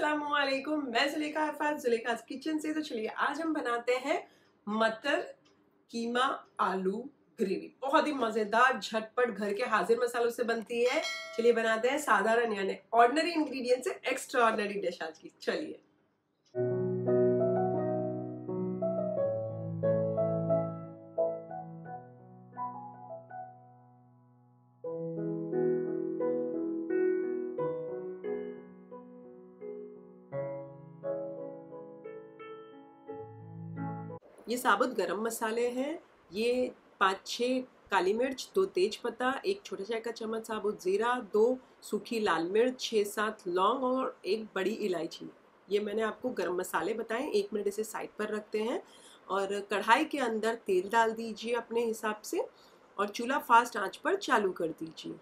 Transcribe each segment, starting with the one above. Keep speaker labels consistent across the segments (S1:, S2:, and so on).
S1: असलकुम मैं जुलेखा हरफात जुलेखा किचन से तो चलिए आज हम बनाते हैं मटर कीमा आलू ग्रेवी बहुत ही मज़ेदार झटपट घर के हाजिर मसालों से बनती है चलिए बनाते हैं साधारण यानी ऑर्डनरी इंग्रेडिएंट से एक्स्ट्रा ऑर्डनरी डिश आज की चलिए ये साबुत गरम मसाले हैं ये पाँच छः काली मिर्च दो तेज पत्ता एक छोटा चाय का चम्मच साबुत ज़ीरा दो सूखी लाल मिर्च छः सात लौंग और एक बड़ी इलायची ये मैंने आपको गरम मसाले बताए एक मिनट इसे साइड पर रखते हैं और कढ़ाई के अंदर तेल डाल दीजिए अपने हिसाब से और चूल्हा फास्ट आंच पर चालू कर दीजिए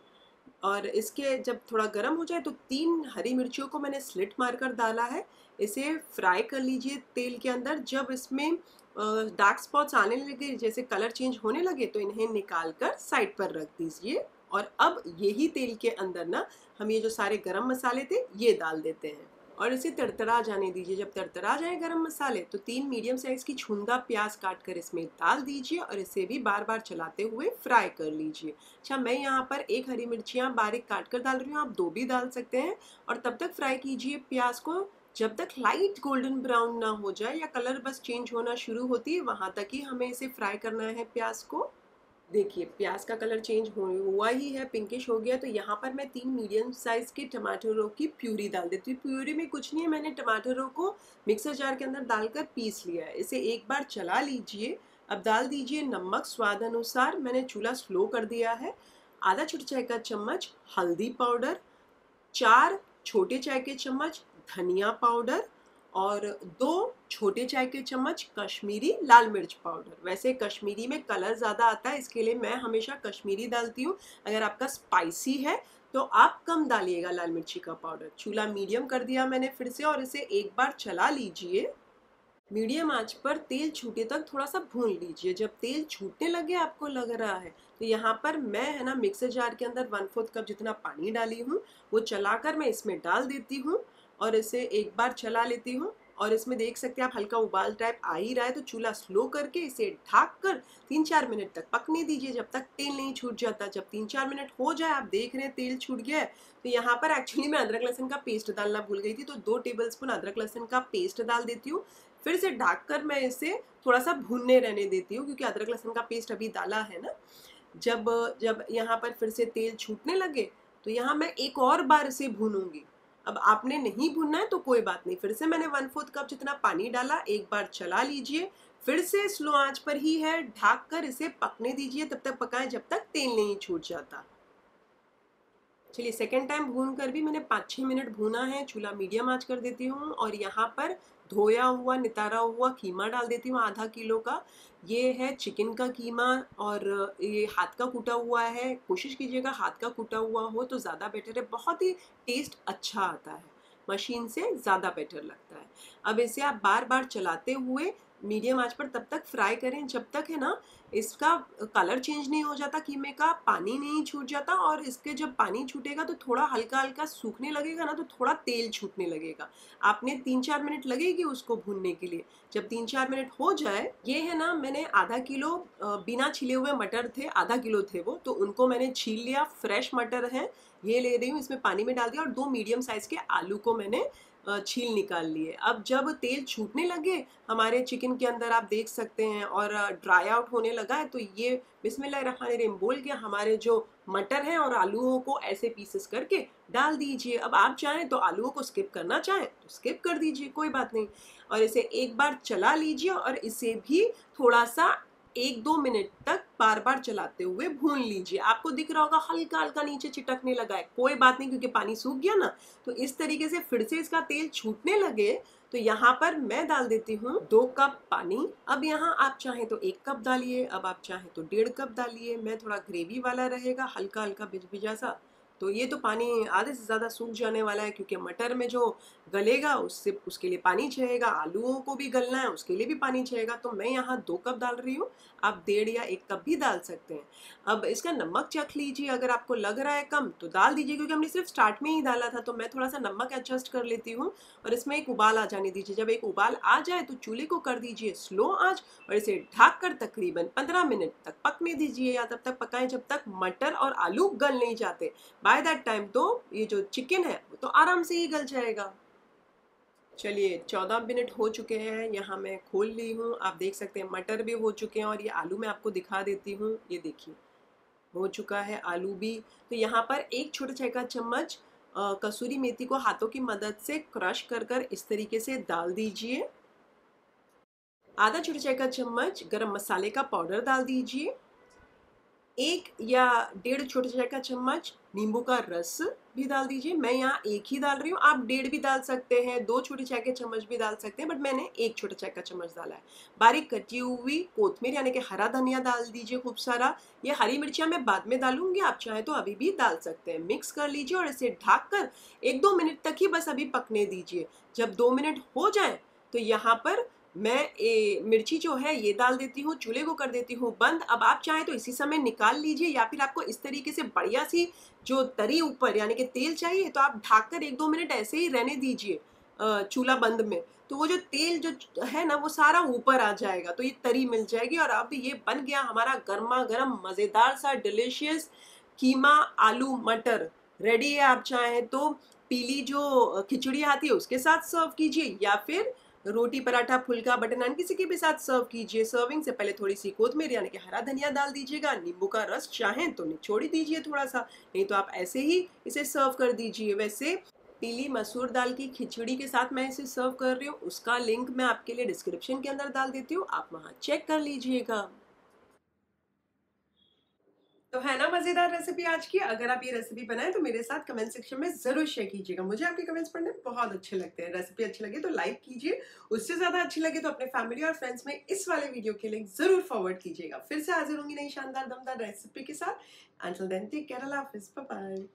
S1: और इसके जब थोड़ा गर्म हो जाए तो तीन हरी मिर्चियों को मैंने स्लिट मारकर डाला है इसे फ्राई कर लीजिए तेल के अंदर जब इसमें डार्क स्पॉट्स आने लगे जैसे कलर चेंज होने लगे तो इन्हें निकाल कर साइड पर रख दीजिए और अब यही तेल के अंदर ना हम ये जो सारे गरम मसाले थे ये डाल देते हैं और इसे तड़तड़ा जाने दीजिए जब तड़तड़ा जाए गरम मसाले तो तीन मीडियम साइज़ की छुंदा प्याज काट कर इसमें डाल दीजिए और इसे भी बार बार चलाते हुए फ्राई कर लीजिए अच्छा मैं यहाँ पर एक हरी मिर्चियाँ बारीक काट कर डाल रही हूँ आप दो भी डाल सकते हैं और तब तक फ्राई कीजिए प्याज को जब तक लाइट गोल्डन ब्राउन ना हो जाए या कलर बस चेंज होना शुरू होती है वहाँ तक ही हमें इसे फ्राई करना है प्याज को देखिए प्याज का कलर चेंज हो हुआ ही है पिंकिश हो गया तो यहाँ पर मैं तीन मीडियम साइज़ के टमाटरों की प्यूरी डाल देती हूँ प्यूरी में कुछ नहीं है मैंने टमाटरों को मिक्सर जार के अंदर डालकर पीस लिया है इसे एक बार चला लीजिए अब डाल दीजिए नमक स्वाद अनुसार मैंने चूल्हा स्लो कर दिया है आधा छोटे चाय का चम्मच हल्दी पाउडर चार छोटे चाय के चम्मच धनिया पाउडर और दो छोटे चाय के चम्मच कश्मीरी लाल मिर्च पाउडर वैसे कश्मीरी में कलर ज़्यादा आता है इसके लिए मैं हमेशा कश्मीरी डालती हूँ अगर आपका स्पाइसी है तो आप कम डालिएगा लाल मिर्ची का पाउडर चूल्हा मीडियम कर दिया मैंने फिर से और इसे एक बार चला लीजिए मीडियम आंच पर तेल छूटे तक थोड़ा सा भून लीजिए जब तेल छूटने लगे आपको लग रहा है तो यहाँ पर मैं है ना मिक्सर जार के अंदर वन फोर्थ कप जितना पानी डाली हूँ वो चलाकर मैं इसमें डाल देती हूँ और इसे एक बार चला लेती हूँ और इसमें देख सकते हैं आप हल्का उबाल टाइप आ ही रहा है तो चूल्हा स्लो करके इसे ढाक कर तीन चार मिनट तक पकने दीजिए जब तक तेल नहीं छूट जाता जब तीन चार मिनट हो जाए आप देख रहे हैं तेल छूट गया है तो यहाँ पर एक्चुअली मैं अदरक लहसुन का पेस्ट डालना भूल गई थी तो दो टेबल स्पून अदरक लहसन का पेस्ट डाल देती हूँ फिर से ढाक कर मैं इसे थोड़ा सा भूनने रहने देती हूँ क्योंकि अदरक लहसन का पेस्ट अभी डाला है ना जब जब यहाँ पर फिर से तेल छूटने लगे तो यहाँ मैं एक और बार इसे भूनूंगी अब आपने नहीं भुनना है तो कोई बात नहीं फिर से मैंने वन फोर्थ कप जितना पानी डाला एक बार चला लीजिए फिर से स्लो आंच पर ही है ढाक कर इसे पकने दीजिए तब तक पकाए जब तक तेल नहीं छूट जाता चलिए सेकेंड टाइम भून कर भी मैंने पाँच छः मिनट भूना है चूल्हा मीडियम आंच कर देती हूँ और यहाँ पर धोया हुआ नितारा हुआ कीमा डाल देती हूँ आधा किलो का ये है चिकन का कीमा और ये हाथ का कूटा हुआ है कोशिश कीजिएगा हाथ का कूटा हुआ हो तो ज़्यादा बेटर है बहुत ही टेस्ट अच्छा आता है मशीन से ज़्यादा बेटर लगता है अब इसे आप बार बार चलाते हुए मीडियम आंच पर तब तक फ्राई करें जब तक है ना इसका कलर चेंज नहीं हो जाता कीमे का पानी नहीं छूट जाता और इसके जब पानी छूटेगा तो थोड़ा हल्का हल्का सूखने लगेगा ना तो थोड़ा तेल छूटने लगेगा आपने तीन चार मिनट लगेगी उसको भूनने के लिए जब तीन चार मिनट हो जाए ये है ना मैंने आधा किलो बिना छिले हुए मटर थे आधा किलो थे वो तो उनको मैंने छील लिया फ्रेश मटर है ये ले रही हूँ इसमें पानी में डाल दिया और दो मीडियम साइज़ के आलू को मैंने छील निकाल लिए अब जब तेल छूटने लगे हमारे चिकन के अंदर आप देख सकते हैं और ड्राई आउट होने लगा है तो ये बिस्मिल्लाम बोल के हमारे जो मटर हैं और आलूओं को ऐसे पीसेस करके डाल दीजिए अब आप चाहें तो आलूओं को स्किप करना चाहें तो स्किप कर दीजिए कोई बात नहीं और इसे एक बार चला लीजिए और इसे भी थोड़ा सा एक दो मिनट तक बार बार चलाते हुए भून लीजिए आपको दिख रहा होगा हल्का हल्का नीचे चिटकने लगा है कोई बात नहीं क्योंकि पानी सूख गया ना तो इस तरीके से फिर से इसका तेल छूटने लगे तो यहाँ पर मैं डाल देती हूँ दो कप पानी अब यहाँ आप चाहे तो एक कप डालिए अब आप चाहे तो डेढ़ कप डालिए मैं थोड़ा ग्रेवी वाला रहेगा हल्का हल्का भिजभिजा सा तो ये तो पानी आधे से ज़्यादा सूख जाने वाला है क्योंकि मटर में जो गलेगा उससे उसके लिए पानी चाहिएगा आलूओं को भी गलना है उसके लिए भी पानी चाहिएगा तो मैं यहाँ दो कप डाल रही हूँ आप डेढ़ या एक कप भी डाल सकते हैं अब इसका नमक चख लीजिए अगर आपको लग रहा है कम तो डाल दीजिए क्योंकि हमने सिर्फ स्टार्ट में ही डाला था तो मैं थोड़ा सा नमक एडजस्ट कर लेती हूँ और इसमें एक उबाल आ जाने दीजिए जब एक उबाल आ जाए तो चूल्हे को कर दीजिए स्लो आँच और इसे ढाक कर तकरीबन पंद्रह मिनट तक पकने दीजिए या तब तक पकाएं जब तक मटर और आलू गल नहीं जाते बाय दैट टाइम तो ये जो चिकन है वो तो आराम से ही गल जाएगा चलिए चौदह मिनट हो चुके हैं यहाँ मैं खोल ली हूँ आप देख सकते हैं मटर भी हो चुके हैं और ये आलू मैं आपको दिखा देती हूँ ये देखिए हो चुका है आलू भी तो यहाँ पर एक छोटा छह का चम्मच कसूरी मेथी को हाथों की मदद से क्रश कर कर इस तरीके से डाल दीजिए आधा छोटा चाय का चम्मच गरम मसाले का पाउडर डाल दीजिए एक या डेढ़ छोटे चाय का चम्मच नींबू का रस भी डाल दीजिए मैं यहाँ एक ही डाल रही हूँ आप डेढ़ भी डाल सकते हैं दो छोटे चाय के चम्मच भी डाल सकते हैं बट मैंने एक छोटे चाय का चम्मच डाला है बारीक कटी हुई कोथमीर यानी कि हरा धनिया डाल दीजिए खूब सारा ये हरी मिर्चियाँ मैं बाद में डालूंगी आप चाहें तो अभी भी डाल सकते हैं मिक्स कर लीजिए और इसे ढाक कर एक दो मिनट तक ही बस अभी पकने दीजिए जब दो मिनट हो जाए तो यहाँ पर मैं ए, मिर्ची जो है ये डाल देती हूँ चूल्हे को कर देती हूँ बंद अब आप चाहें तो इसी समय निकाल लीजिए या फिर आपको इस तरीके से बढ़िया सी जो तरी ऊपर यानी कि तेल चाहिए तो आप ढाक कर एक दो मिनट ऐसे ही रहने दीजिए चूल्हा बंद में तो वो जो तेल जो है ना वो सारा ऊपर आ जाएगा तो ये तरी मिल जाएगी और अब ये बन गया हमारा गर्मा गर्म मज़ेदार सा डिलीशियस कीमा आलू मटर रेडी है आप चाहें तो पीली जो खिचड़ी आती है उसके साथ सर्व कीजिए या फिर रोटी पराठा फुल्का बटर नान किसी के भी साथ सर्व कीजिए सर्विंग से पहले थोड़ी सी कोथमेरी यानी कि हरा धनिया डाल दीजिएगा नींबू का रस चाहें तो निचोड़ी दीजिए थोड़ा सा नहीं तो आप ऐसे ही इसे सर्व कर दीजिए वैसे पीली मसूर दाल की खिचड़ी के साथ मैं इसे सर्व कर रही हूँ उसका लिंक मैं आपके लिए डिस्क्रिप्शन के अंदर डाल देती हूँ आप वहाँ चेक कर लीजिएगा तो है ना मज़ेदार रेसिपी आज की अगर आप ये रेसिपी बनाएं तो मेरे साथ कमेंट सेक्शन में ज़रूर शेयर कीजिएगा मुझे आपके कमेंट्स पढ़ने बहुत अच्छे लगते हैं रेसिपी अच्छी लगे तो लाइक कीजिए उससे ज़्यादा अच्छी लगे तो अपने फैमिली और फ्रेंड्स में इस वाले वीडियो के लिंक ज़रूर फॉरवर्ड कीजिएगा फिर से हाजिर होंगी नई शानदार दमदार रेसिपी के साथ टेक केरला हाफिज़ बाय